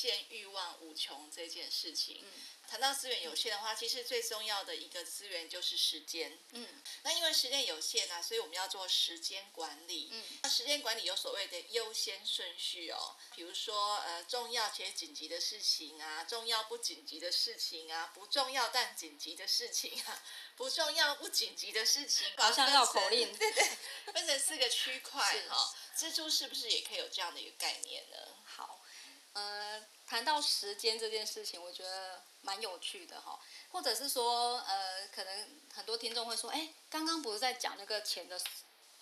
限欲望無窮這件事情，嗯，談到資源有限的話，嗯，其實最重要的一個資源就是時間。嗯，那因為時間有限啊，所以我們要做時間管理。嗯，那時間管理有所謂的優先順序哦，比如說呃，重要且緊急的事情啊，重要不緊急的事情啊，不重要但緊急的事情啊，不重要不緊急的事情，好像繞口令，對對，分 成四個區塊哦。蜘蛛是不是也可以有這樣的一個概念呢？好，呃。談到時間這件事情，我覺得蠻有趣的哈，或者是說，呃，可能很多聽眾會說，哎、欸，剛剛不是在講那個錢的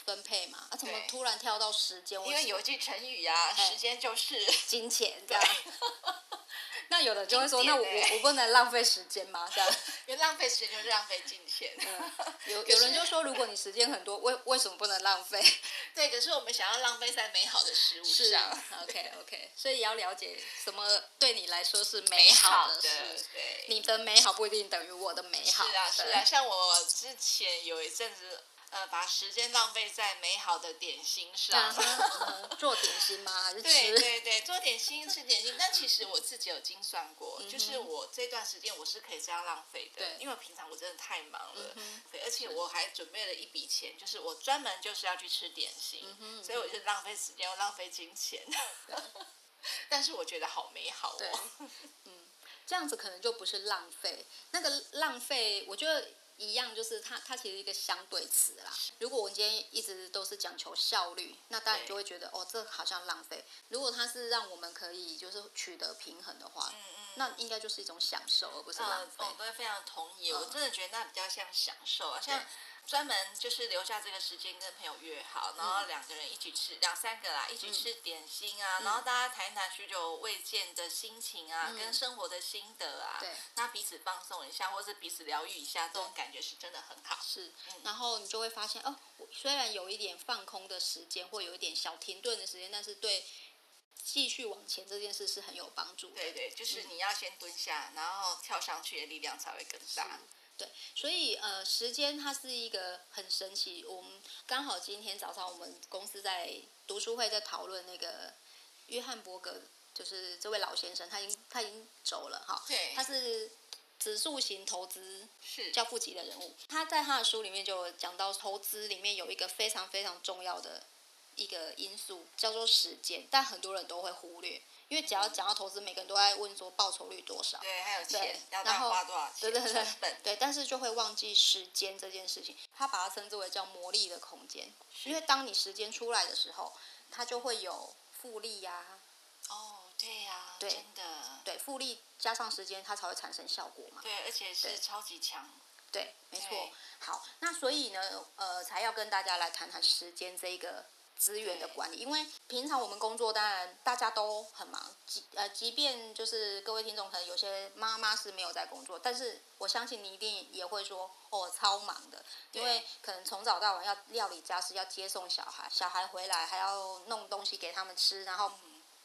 分配嗎？啊，怎麼突然跳到時間？因為有一句成語呀、啊欸，時間就是金錢，這樣對。 那有的人就會說，那我我我不能浪費時間嗎？這樣，因為浪費時間就是浪費金錢。 嗯、有是有人就說，如果你時間很多，為為什麼不能浪費？對，可是我們想要浪費在美好的事物上。是、啊，OK OK，所以也要了解什麼對你來說是美好的事，的，對你的美好不一定等於我的美好的。是啊是啊，像我之前有一陣子。呃，把時間浪費在美好的點心上、嗯嗯嗯，做點心嗎？還是吃？對對對，做點心吃點心。 但其實我自己有精算過，嗯、就是我這段時間我是可以這樣浪費的，對，因為平常我真的太忙了，嗯、對，而且我還準備了一筆錢，就是我專門就是要去吃點心，嗯哼嗯哼，所以我就浪費時間又浪費金錢。但是我覺得好美好哦。嗯，這樣子可能就不是浪費，那個浪費，我覺得。一樣就是它，它其實是一個相對詞啦。如果我們今天一直都是講求效率，那大家就會覺得哦，這個、好像浪費。如果它是讓我們可以就是取得平衡的話，嗯嗯，那應該就是一種享受，而不是浪費。嗯、呃，我、哦、都非常同意、哦，我真的覺得那比較像享受啊，啊像。專門就是留下這個時間跟朋友約好，然後兩個人一起吃兩、嗯、三個啦，一起吃點心啊，嗯、然後大家談一談許久未見的心情啊、嗯，跟生活的心得啊，對，那彼此放鬆一下，或是彼此療癒一下，這種感覺是真的很好。是，嗯、然後你就會發現哦，雖然有一點放空的時間，或有一點小停頓的時間，但是對繼續往前這件事是很有幫助的。對，對對，就是你要先蹲下、嗯，然後跳上去的力量才會更大。對，所以呃，時間它是一個很神奇。我們剛好今天早上我們公司在讀書會，在討論那個約翰伯格，就是這位老先生，他已經他已經走了哈。對。他是指數型投資是教父級的人物，他在他的書裡面就講到，投資裡面有一個非常非常重要的一個因素叫做時間，但很多人都會忽略。因為只要講到投資，每個人都在問說，報酬率多少？對，還有錢要再花多少錢？對、對、對、對，成本。對，但是就會忘記時間這件事情。他把它稱之為叫魔力的空間，因為當你時間出來的時候，它就會有複利呀、啊。哦，對呀、啊，真的。對，複利加上時間，它才會產生效果嘛。對，而且是超級強。對，對沒錯。好，那所以呢，呃，才要跟大家來談談時間這一個。資源的管理，因為平常我們工作，當然大家都很忙。即呃，即便就是各位聽眾可能有些媽媽是沒有在工作，但是我相信你一定也會說，哦，超忙的，因為可能從早到晚要料理家事，要接送小孩，小孩回來還要弄東西給他們吃，然後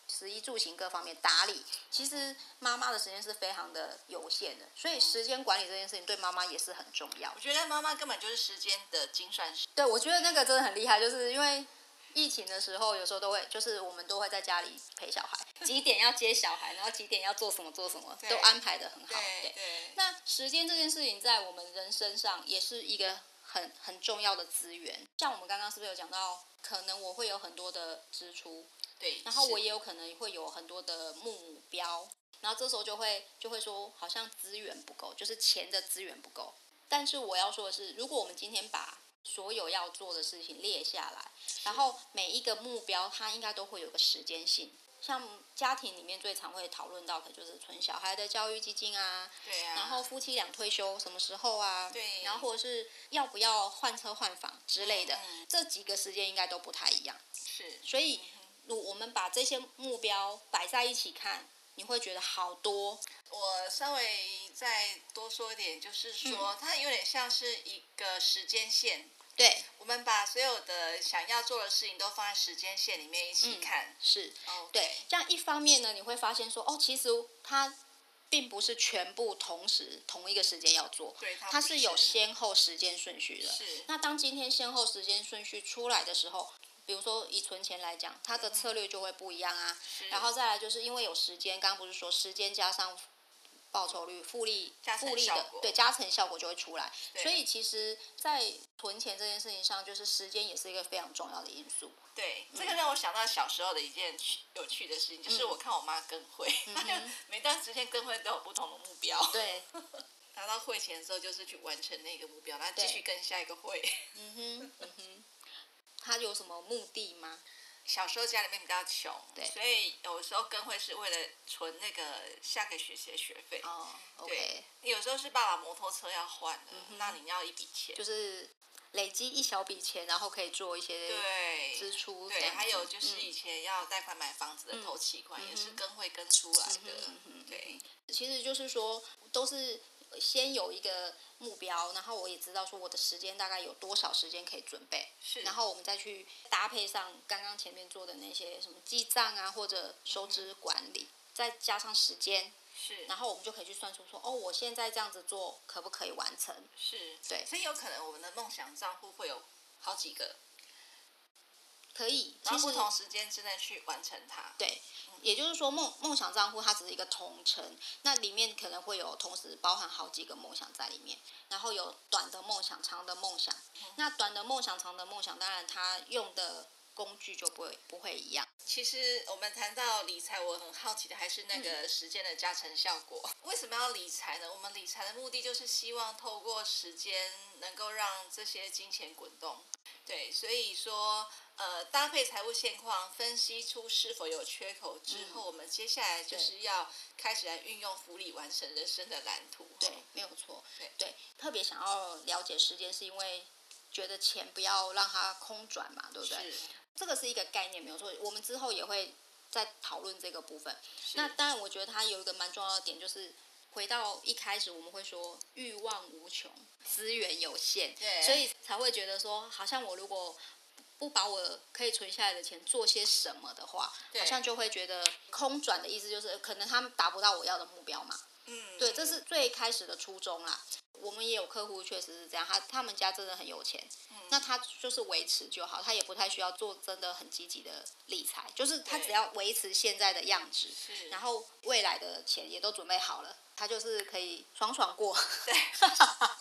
食衣住行各方面打理，其實媽媽的時間是非常的有限的，所以時間管理這件事情對媽媽也是很重要。我覺得媽媽根本就是時間的精算師。對，我覺得那個真的很厲害，就是因為。疫情的時候，有時候都會，就是我們都會在家裡陪小孩，幾點要接小孩，然後幾點要做什麼做什麼， 都安排得很好。對，對，對。那時間這件事情在我們人身上也是一個很很重要的資源。像我們剛剛是不是有講到，可能我會有很多的支出，對，然後我也有可能會有很多的目標，然後這時候就會就會說好像資源不夠，就是錢的資源不夠。但是我要說的是，如果我們今天把所有要做的事情列下來，然後每一個目標，它應該都會有個時間性。像家庭裡面最常會討論到的就是存小孩的教育基金啊，對啊。然後夫妻倆退休什麼時候啊？對。然後或者是要不要換車換房之類的，嗯、這幾個時間應該都不太一樣。是。所以，我們把這些目標擺在一起看。你會覺得好多。我稍微再多說一點，就是說、嗯、它有點像是一個時間線。對，我們把所有的想要做的事情都放在時間線裡面一起看。嗯、是，哦、okay，對。這樣一方面呢，你會發現說，哦，其實它並不是全部同時同一個時間要做，對，它，它是有先後時間順序的，是。是。那當今天先後時間順序出來的時候，比如說以存錢來講，它的策略就會不一樣啊。然後再來就是因為有時間，剛剛不是說時間加上報酬率、複利、複利的，對，加成效果就會出來。所以其實，在存錢這件事情上，就是時間也是一個非常重要的因素。對，嗯、這個讓我想到小時候的一件有趣的事情，就是我看我媽跟會，她、嗯、 每段時間跟會都有不同的目標。對，拿 到會前的時候就是去完成那個目標，然後繼續跟下一個會。嗯哼。 他有什麼目的嗎？小時候家裡面比較窮，對，所以有時候跟會是為了存那個下個學期的學費。哦、oh, okay.，對，有時候是爸爸摩托車要換的、嗯，那你要一筆錢，就是累積一小筆錢，然後可以做一些對支出對。對，還有就是以前要貸款買房子的頭期款，嗯、也是跟會跟出來的、嗯。對，其實就是說都是先有一個。目標，然後我也知道說我的時間大概有多少時間可以準備，是，然後我們再去搭配上剛剛前面做的那些什麼記賬啊或者收支管理，嗯、再加上時間，是，然後我們就可以去算出說哦，我現在這樣子做可不可以完成？是，對，所以有可能我們的夢想賬戶會有好幾個。可以，然後不同時間之內去完成它。對，嗯、也就是說，夢夢想賬戶它只是一個統稱，那裡面可能會有同時包含好幾個夢想在裡面，然後有短的夢想、長的夢想。嗯、那短的夢想、長的夢想，當然它用的工具就不會不會一樣。其實我們談到理財，我很好奇的還是那個時間的加成效果、嗯。為什麼要理財呢？我們理財的目的就是希望透過時間能夠讓這些金錢滾動。對，所以說。呃，搭配財務現況分析出是否有缺口之後、嗯，我們接下來就是要開始來運用複利完成人生的藍圖。對，哦、沒有錯。對，對，特別想要了解時間，是因為覺得錢不要讓它空轉嘛，對不對？這個是一個概念，沒有錯。我們之後也會再討論這個部分。那當然，我覺得它有一個蠻重要的點，就是回到一開始，我們會說欲望無窮，資源有限，對啊，所以才會覺得說，好像我如果。不把我可以存下來的錢做些什麼的話，好像就會覺得空轉的意思就是可能他們達不到我要的目標嘛。嗯，對，這是最開始的初衷啦、嗯。我們也有客戶確實是這樣，他他們家真的很有錢，嗯，那他就是維持就好，他也不太需要做真的很積極的理財，就是他只要維持現在的樣子，然後未來的錢也都準備好了，他就是可以爽爽過。對，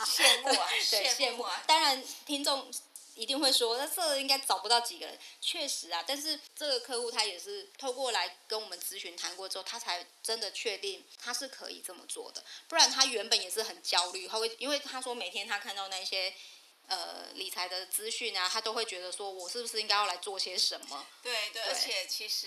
羨慕啊，對，羨慕啊。當然，聽眾。一定會說，那這應該找不到幾個人。確實啊，但是這個客戶他也是透過來跟我們諮詢談過之後，他才真的確定他是可以這麼做的。不然他原本也是很焦慮，他會因為他說每天他看到那些呃理財的資訊啊，他都會覺得說我是不是應該要來做些什麼？對對，對。而且其實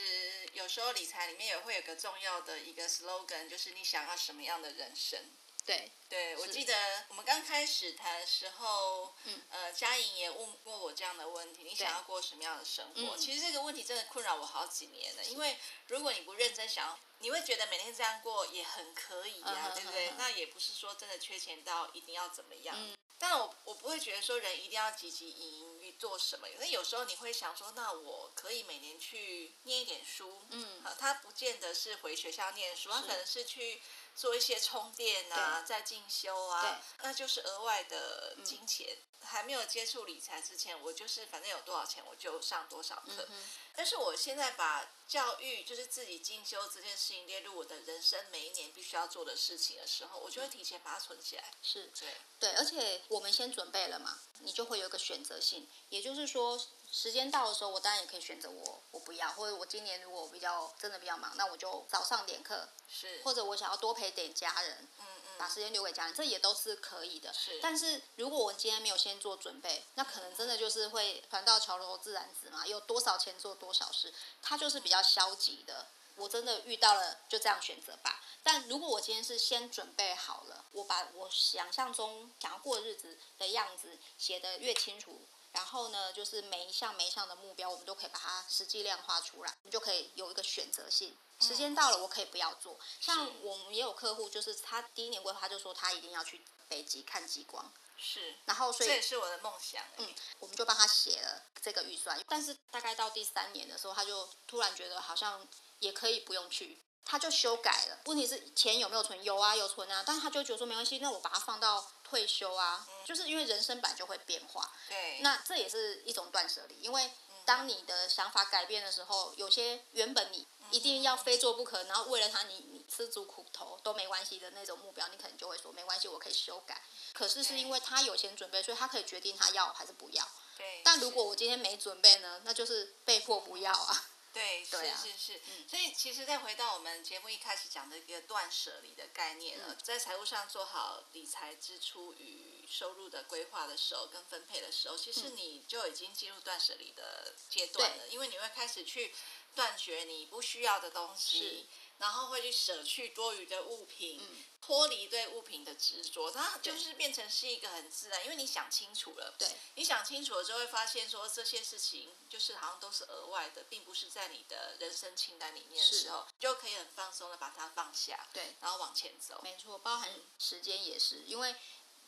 有時候理財裡面也會有個重要的一個 slogan，就是你想要什麼樣的人生？對，對我記得我們剛開始談的時候，嗯，呃，佳瑩也問過我這樣的問題、嗯：你想要過什麼樣的生活、嗯？其實這個問題真的困擾我好幾年了。因為如果你不認真想要，你會覺得每天這樣過也很可以呀、啊，uh -huh, 對不對？Uh -huh. 那也不是說真的缺錢到一定要怎麼樣。Uh -huh. 但我我不會覺得說人一定要汲汲營營於做什麼，因為有時候你會想說，那我可以每年去念一點書，嗯、uh -huh. 啊，他不見得是回學校念書，他可能是去。做一些充電啊，在進修啊，那就是額外的金錢。嗯。還沒有接觸理財之前，我就是反正有多少錢我就上多少課。嗯。但是我現在把教育就是自己進修這件事情列入我的人生每一年必須要做的事情的時候，我就會提前把它存起來。嗯、是，對，對，而且我們先準備了嘛，你就會有一個選擇性，也就是說時間到的時候，我當然也可以選擇我我不要，或者我今年如果我比較真的比較忙，那我就少上點課，是，或者我想要多陪點家人，嗯。把時間留給家人，這也都是可以的。是。但是，如果我今天沒有先做準備，那可能真的就是會船到橋頭自然直嘛。有多少錢做多少事，他就是比較消極的。我真的遇到了，就這樣選擇吧。但如果我今天是先準備好了，我把我想象中想要過的日子的樣子寫得越清楚。然後呢，就是每一項每一項的目標，我們都可以把它實際量化出來，我們就可以有一個選擇性。時間到了，我可以不要做。嗯。像我們也有客戶，就是他第一年規劃，他就說他一定要去北極看極光。是，然後所以這也是我的夢想欸。嗯，我們就幫他寫了這個預算，但是大概到第三年的時候，他就突然覺得好像也可以不用去。他就修改了，問題是錢有沒有存？有啊，有存啊。但他就覺得說沒關係，那我把它放到退休啊。嗯，就是因為人生本來就會變化。對，那這也是一種斷捨離，因為當你的想法改變的時候，有些原本你一定要非做不可，然後為了他你你吃足苦頭都沒關係的那種目標，你可能就會說沒關係，我可以修改。可是是因為他有錢準備，所以他可以決定他要還是不要。對，但如果我今天沒準備呢，那就是被迫不要啊。對，對、啊，是是是、嗯，所以其實再回到我們節目一開始講的一個斷捨離的概念了，嗯、在財務上做好理財支出與收入的規劃的時候，跟分配的時候，其實你就已經進入斷捨離的階段了、嗯，因為你會開始去。斷絕你不需要的東西，然後會去捨去多餘的物品，嗯、脫離對物品的執着，它就是變成是一個很自然。因為你想清楚了，對，你想清楚了之後，會發現說這些事情就是好像都是額外的，並不是在你的人生清單裡面的時候，你就可以很放鬆的把它放下，對，然後往前走。沒錯，包含時間也是，因為。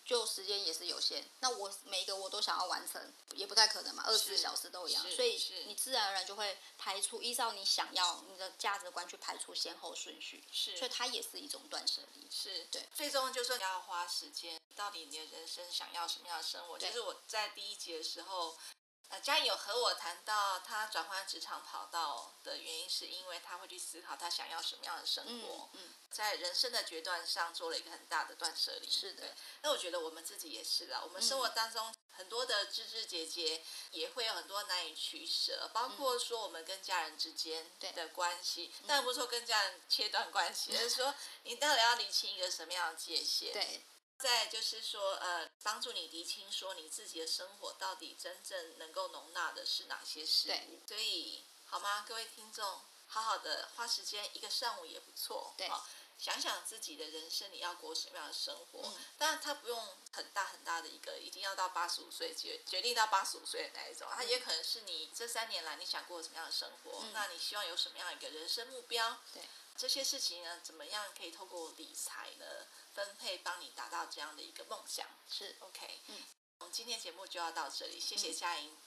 就時間也是有限，那我每一個我都想要完成，也不太可能嘛，二十四小時都一樣，所以你自然而然就會排出，依照你想要你的價值觀去排出先後順序。是，所以它也是一種斷捨離。是，對，最終就是你要花時間，到底你的人生想要什麼樣的生活？其實、就是、我在第一集的時候。呃，佳瑩有和我談到他轉換職場跑道的原因，是因為他會去思考他想要什麼樣的生活？嗯，嗯，在人生的決斷上做了一個很大的斷捨離。是的，那我覺得我們自己也是啊，我們生活當中很多的枝枝節節，也會有很多難以取捨，包括說我們跟家人之間的關係，但、嗯嗯、不是說跟家人切斷關係，而是，是說你到底要理清一個什麼樣的界限？對。再就是說，呃，幫助你釐清，說你自己的生活到底真正能夠容納的是哪些事。對，所以，好嗎？各位聽眾，好好的花時間，一個上午也不錯。對、哦，想想自己的人生，你要過什麼樣的生活？嗯、當然，他不用很大很大的一個，一定要到八十五歲決決定到八十五歲的那一種。他、嗯、也可能是你這三年來你想過什麼樣的生活？嗯、那你希望有什麼樣一個人生目標？對。這些事情呢，怎麼樣可以透過理財呢分配，幫你達到這樣的一個夢想？是 OK，嗯，我們今天節目就要到這裡，謝謝佳瑩，嗯、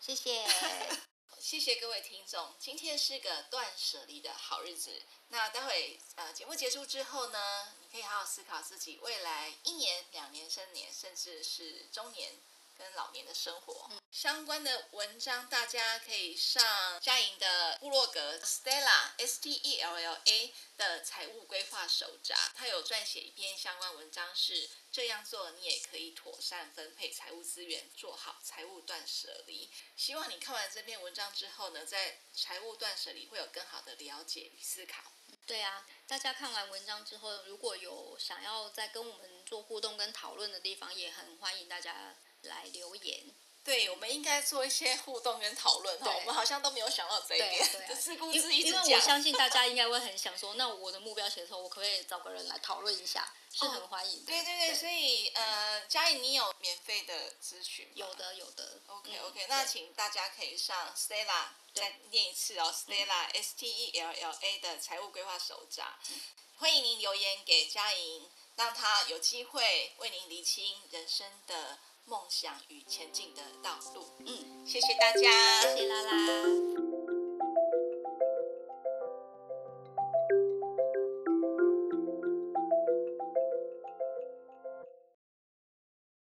謝謝， 謝謝各位聽眾。今天是個斷舍離的好日子，那待會呃節目結束之後呢，你可以好好思考自己未來一年、兩年、三年，甚至是中年。跟老年的生活、嗯、相關的文章，大家可以上佳瑩的部落格 Stella S T E L L A 的財務規劃手札，他有撰寫一篇相關文章是，是這樣做你也可以妥善分配財務資源，做好財務斷捨離。希望你看完這篇文章之後呢，在財務斷捨離會有更好的了解與思考。對啊，大家看完文章之後，如果有想要再跟我們做互動跟討論的地方，也很歡迎大家。來留言，對，嗯、我們應該做一些互動跟討論哈。我們好像都沒有想到這一點，只是故事一直講，啊、因為我相信大家應該會很想說， 那我的目標寫的時候，我可不可以找個人來討論一下？是很歡迎的。哦、對對對，對所以呃，佳瑩，你有免費的諮詢嗎？有的，有的。OK OK，那請大家可以上 Stella 再念一次哦，Stella、嗯、S T E L L A 的財務規劃手札，歡迎您留言給佳瑩，讓他有機會為您釐清人生的。夢想與前進的道路，嗯，謝謝大家，謝謝拉拉。